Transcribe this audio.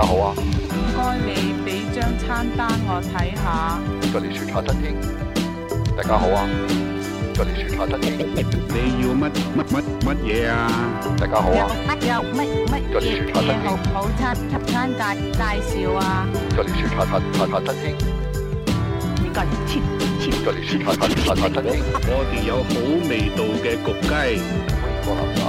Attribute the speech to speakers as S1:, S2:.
S1: 大家好啊！
S2: 唔該，你俾張餐單我睇下。
S1: 九霄茶餐廳，大家好啊！九霄茶餐廳，你要乜乜乜嘢啊？大家好啊！有有乜乜嘢嘢好
S3: 餐？餐介介紹啊！
S1: 九霄茶餐廳。
S3: 我、
S1: 啊、哋、啊啊啊啊、有好味
S4: 道
S5: 嘅焗雞。